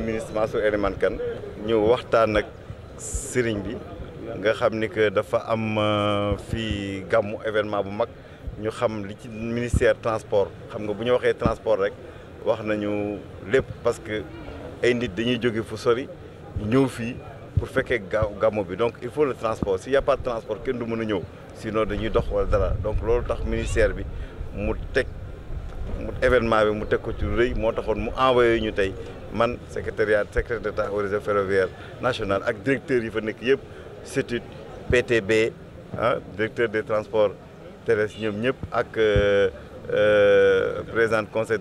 suñu ministre Mansour Elimane Kane ñu waxtaan ak sëriñ bi nga xam ni que dafa am euh, fii gàmmu événement bu mag ñu xam li ci ministère transport xam nga bu ñu waxee transport rek wax nañu lépp parce que ay nit dañuy jóge fu sori ñëw fii pour fekkee gàmmu bi donc il faut le transport s'il y a pas transport kenn du mën a ñëw sinon dañuy dox wala dara donc loolu tax ministère bi mu teg mu événement bi mu teg ko ci rëy moo taxoon mu envoyé ñu tey man secretariat secrétaire d'état au réseau ferroviaire national ak directeur yi fa nekk yëpp CETUD PTB ah directeur des transports terrestres ñoom ñëpp ak euh, euh, président conseil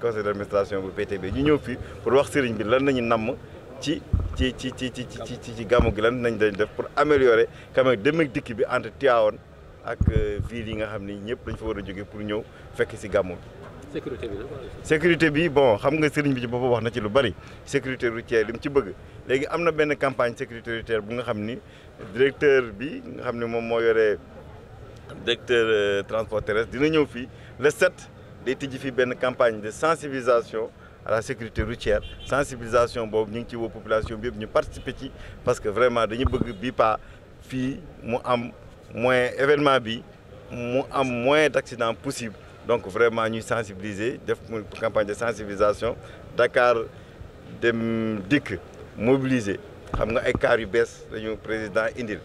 conseil d'administration bu PTB ñu ñëw fii pour wax sëriñ bi lan nañu namm ci ci ci ci ci ci ci gàmmu gi lan nañ dañ def pour améliorer quand même dem ak dikk bi entre Tivaouane ak euh, ville yi nga xam ni ñëpp dañ fa war a jóge pour ñëw fekk si gàmmu bi sécurité bi sécurité bi bon xam nga sëriñ bi ci boppam wax na ci lu bari sécurité routière li mu ci bëgg léegi am na benn campagne sécurité routière bu nga xam ni directeur bi nga xam ne moom moo yore directeur euh, transport terrestre dina ñëw fii le 7 day tijji fii benn campagne de sensibilisation à la sécurité routière sensibilisation boobu ñu ngi ci woo population bi yëpp ñu participer ci parce que vraiment dañu bëgg bii pas fii mu am moins événement bi mu am moins d'accident possible donc vraiment ñu sensibiliser def campagne de sensibilisation dakaar dem dikk mobiliser xam nga ay cars yu bees dañu président indil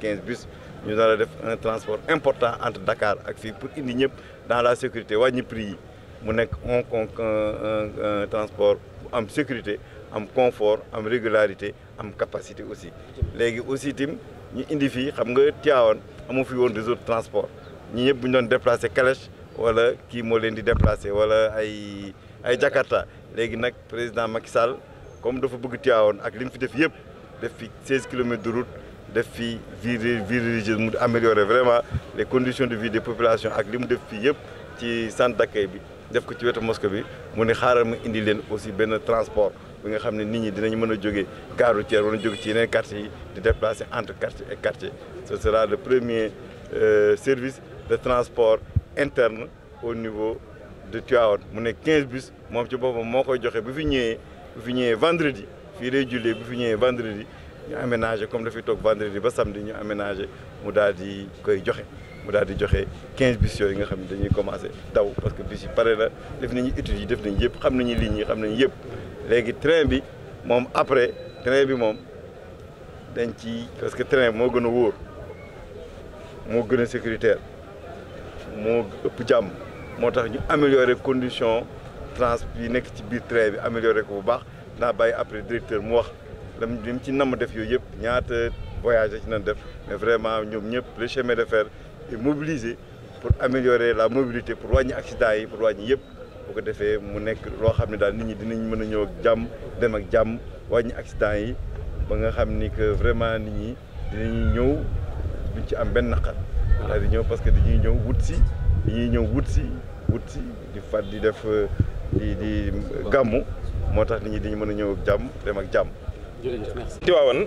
quinze bus ñu nar a def un transport important entre dakaar ak fii pour indi ñëpp dans la sécurité wàññi prix yi mu nekk un un transport am sécurité am confort am régularité am capacité aussi léegi aussi tim ñu indi fii xam nga Tivaouane amu fi woon réseau de transport ñi ñëpp bu ñu doon déplacé calèche wala kii moo leen di déplacé wala ay ay Jakarta léegi nag président Macky Sall comme dafa bëgg Tivaouane ak li mu fi def yëpp def fi 16 kilomètres de route def fi vie vie religieuse mu améliorer vraiment les condition de vie des populations ak li def fii yëpp ci centre d'accueil bi def ko ci wetu mosquée bi mu ni xaaral ma indi leen aussi benn transport bi nga xam ne nit ñi dinañ mën a jógee gare routière wala jóge ci yeneen quartiers yi di déplacer entre quartier et quartier ce sera le premier euh, service de transport interne au niveau de Tivaouane mu ne quinze bis moom ci boppam moo koy joxe bu fi ñëwee bu fi ñëwee vendredi fii lay jullee bu fi ñëwee vendredi ñu aménager comme dafay toog vendredi ba samedi ñu aménager mu daal di koy joxe mu daal di joxe quinze bus yooyu nga xam ne dañuy commencé daw parce que bus yi pare na def nañu études yi def nañu yëpp xam nañu lii ñi xam nañu yëpp léegi train bi moom après train bi moom dañ ci parce que train moo gën a wóor moo gën a sécuritaire moo ëpp jàmm moo tax ñu améliorer condition trans yi nekk ci biir train bi améliorer ko bu baax naa bay après directeur mu wax lam lim ci namm def yooyu yëpp ñaata voyage ci na def mais vraiment ñoom ñëpp le chemin de fer est mobilisé pour améliorer la mobilité pour wàññi accident yi pour wàññi yëpp boo ko defee mu nekk loo xam ne daal nit ñi dinañ mën a ñëw ak jàmm dem ak jàmm wàññi accident yi ba nga xam ni que vraiment ni ñi dinañ ñëw duñ ci am benn naqar daal di ñëw parce que dañuy ñëw wut si dañuy ñëw wut si wut si di fat di def di gàmmu moo tax ni ñi dañu mën a ñëw jàmm dem ak jàmm. jërëjëf merci. Tiwaawan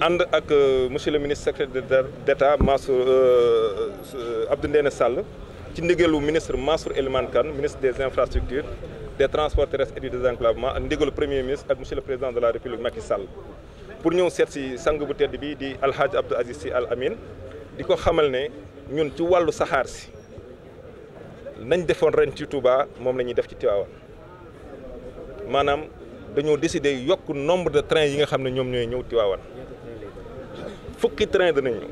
ànd ak euh, monsieur le ministre secrétaire d'État Mansour euh, euh, Abdou Ndéné Sall ci ndigalu ministre Mansour Elimane Kane ministre des infrastructures des transports terrestres et du désenclavement ak ndigalu premier ministre ak monsieur le président de la république Macky Sall pour ñëw seet si sang bu tedd bi di Alhaji Abdou Aziz Sy Al Amin. di ko xamal ne ñun ci wàllu saxaar si nañ defoon ren ci Touba moom la ñuy def ci Tivaouane maanaam dañoo décider yokk nombre de train yi nga xam ne ñoom ñooy ñëw Tivaouane fukki train danañ ñëw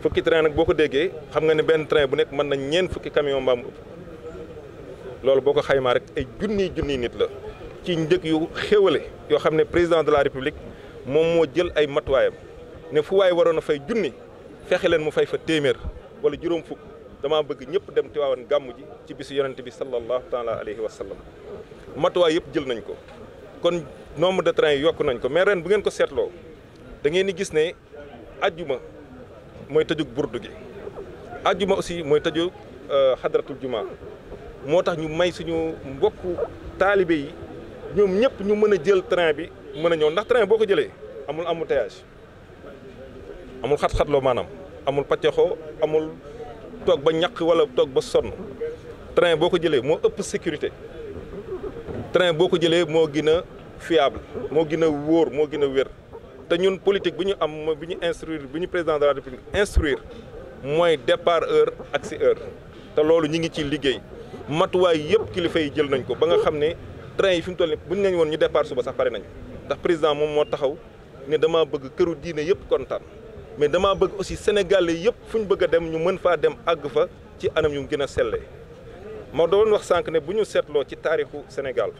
fukki train nag boo ko déggee xam nga ne benn train bu nekk mën nañ ñeent fukki camion mbaam ëpp loolu boo ko xaymaa rek ay junniy junniy nit la ci njëg yu xéwale yoo xam ne président de la république moom moo jël ay matuwaayam ne fu waaye waroon a fay junni fexe leen mu fay fa téeméer wala juróom fukk damaa bëgg ñëpp dem Tiwaawan gàmmu ji ci bisu yonent bi sallallahu taala alayhi wa sallam matuwaay yëpp jël nañ ko kon nombre de train yi yokk nañ ko mais ren bu ngeen ko seetloo da ngeen di gis ne ajjuma mooy tëjug burdu gi ajjuma aussi mooy tëjug euh, xadaratul juma moo tax ñu may suñu mbokku taalibe yi ñoom ñëpp ñu mën a jël train bi mën a ñëw ndax train boo ko jëlee amul embouteillage amul xat-xatloo maanaam amul pàccaxoo amul toog ba ñàq wala toog ba sonn train boo ko jëlee moo ëpp sécurité train boo ko jëlee moo gën a fiable moo gën a wóor moo gën a wér te ñun politique bi ñu am mooy bi ñu instruire bi ñu président de la république instruire mooy départ heure ak si heure te loolu ñi ngi ci liggéey matuwaay yëpp kilifa yi jël nañ ko ba nga xam ne train yi fi mu toll nii buñ woon ñu départ suba sax pare nañ ndax président moom moo taxaw ne dama bëgg këru diine yëpp kontaan. mais dama bëgg aussi sénégalais yëpp fu ñu bëgg a dem ñu mën faa dem àgg fa ci anam yu gën a selle ma doon wax sànq ne bu ñu seetloo ci taarixu Sénégal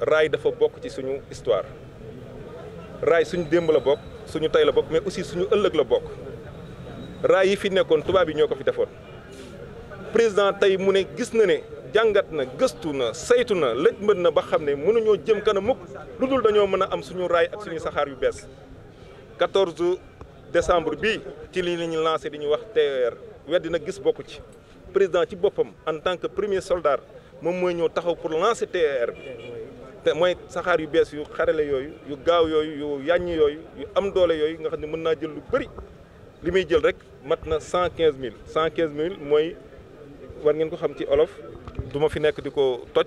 raay dafa bokk ci suñu histoire raay suñu démb la bokk suñu tey la bokk mais aussi suñu ëllëg la bokk raay yi fi nekkoon tubaab yi ñoo ko fi defoon président tey mu ne gis na ne jàngat na gëstu na saytu na lëj mën na ba xam ne mënuñoo jëm kanam mukk lu dul dañoo mën a am suñu raay ak suñu saxaar yu bees décembre bi ci lii la ñu lancé di ñu wax TER weddi nag gis bokku ci président ci boppam en tant que premier soldat moom mooy ñëw taxaw pour lancer TER bi te mooy saxaar yu bees yu xarale yooyu yu gaaw yooyu yu yàññ yooyu yu am doole yooyu nga xam ne mën naa jël lu bëri li muy jël rek mat na cent quinze mille cent quinze mille mooy war ngeen ko xam ci olof du ma fi nekk di ko toj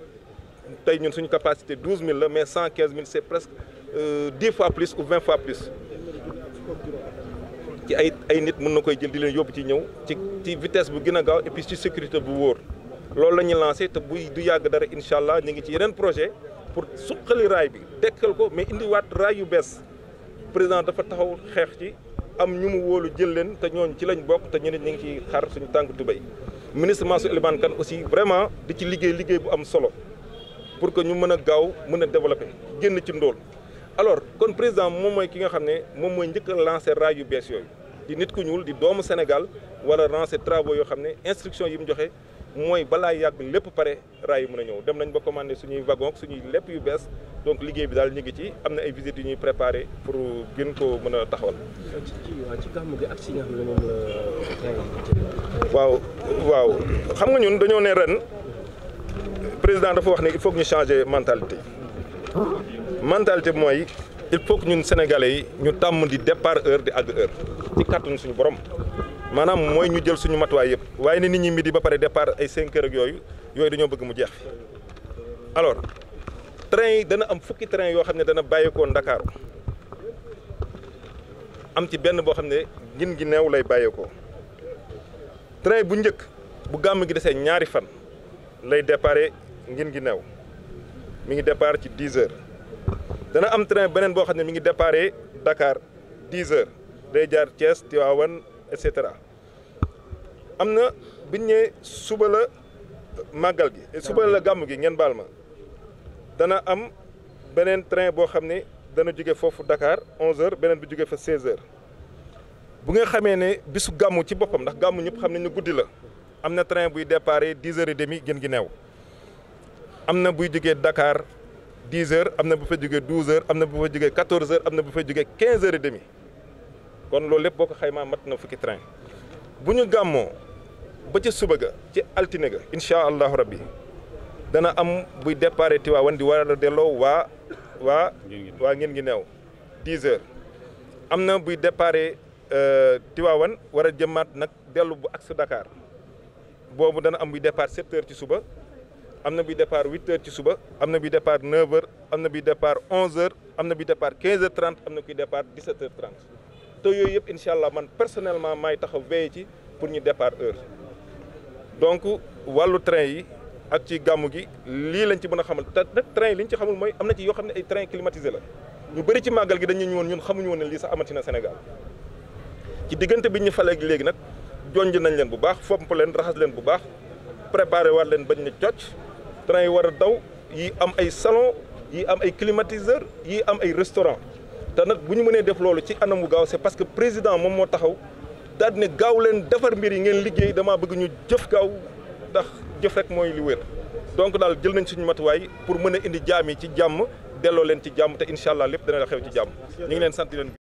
tey ñun suñu capacité douze mille la mais cent quinze mille c'est presque euh, dix fois plus ou vingt fois plus ci ay ay nit mën na koy jël di leen yóbbu ci ñëw ci ci vitesse bu gën a gaaw et ci sécurité bu wóor loolu la ñu lancé te buy du yàgg dara incha allah ñu ngi ci yeneen projet pour suqali raay bi dekkal ko mais indiwaat raay yu bees président dafa taxaw xeex ci am ñu mu wóolu jël leen te ñooñ ci lañ bokk te ñu ne ñu ngi ciy xaar suñu tànk tubéy ministre Mansour Elimane aussi vraiment di ci liggéey liggéey bu am solo pour que ñu mën a gaaw mën a développer génn ci ndóol. alors kon président moom mooy ki nga xam ne moom mooy njëkk a lancé raay yu bees yooyu di nit ku ñuul di doomu Sénégal wala lancé travaux yoo xam ne instruction yi mu joxe mooy balaa yàgg lépp pare raay yi mun a ñëw dem nañ ba commandé suñuy wagon suñuy lépp yu bees donc liggéey bi daal ñu ngi ci am na ay visit yu ñuy préparé pour gën ko mën a taxawal. waaw waaw xam nga ñun dañoo ne ren président dafa wax ne il faut que ñu changer mentalité. mentalité bi mooy il faut que ñun sénégalais yi ñu tàmm di départ heure di àgg heure ci kàttanu suñu borom maanaam mooy ñu jël suñu matuwaay yëpp waaye ne nit ñi midi ba pare départ ay 5 heures ak yooyu yooyu dañoo bëgg mu jeex fi alors train yi dana am fukki train yoo xam ne dana bàyyeekoo Ndakaaru am ci benn boo xam ne gin gi neew lay bàyyeekoo train bu njëkk bu gàmm gi desee ñaari fan lay départ ngin gi new mi ngi départ ci 10 heures. dana am train beneen boo xam ne mu ngi déparé dakaar 10 heures day jaar Thiès Tivaouane et cetera am na bi ñu ñëwee suba la màggal gi. suba la gàmm gi ngeen baal ma dana am beneen train boo xam ne dana jóge foofu dakaar 11 heures beneen bi jóge fa 16 bu nga xamee ne bisu gàmmu ci boppam ndax gàmmu ñëpp xam ne ñu guddi la am na train buy déparé 10 heures et demi gën gi neew am na buy jógee dakaar dix heures am na bu fa jógee douze heures am na bu fa jógee quatorze heures am na bu fa jógee quinze heures et demi kon loolu lépp boo ko xaymaa mat na fukki train bu ñu gàmmoo ba ca suba ga ci altine ga incha allahu rabbi dana am buy départ Tiwaawan di war a delloo waa waa waa ngeen ngi neew dix heures am na buy départ euh, Tiwaawan war a jëmaat nag dellu bu ak Dakar boobu dana am buy départ sept heures ci suba am na bi départ huit heures ci suba am na bi départ neuf heures am na bi départ onze heures am na bi départ quinze heures trente am na kuy départ dix sept heures trente te yooyu yëpp incha allah man personnellement maay taxaw veillé ci pour ñu départ heure donc wàllu train yi ak ci gàmmu gi lii lañ ci mën a xamal te nag train yi li ñu ci xamul mooy am na ci yoo xam ne ay train climatisé la ñu bëri ci màggal gi dañu ñu woon ñun xamuñu woon ne lii sax amati na Sénégal ci diggante bi ñu faleeg léegi nag jonj nañ leen bu baax fomp leen raxas leen bu baax préparé waat leen bañ ne cocc train yi war a daw yi am ay salon yi am ay climatiseur yi am ay restaurant te nag bu ñu mënee def loolu ci anam wu gaaw c'est parce que président moom moo taxaw daal ne gaaw leen defar mbir yi ngeen liggéey damaa bëgg ñu jëf gaaw ndax jëf rek mooy li wér donc daal jël nañ suñu matuwaay pour mën a indi jaam yi ci jàmm delloo leen ci jàmm te incha allah lépp dana xew ci jàmm ñu ngi leen sant leen.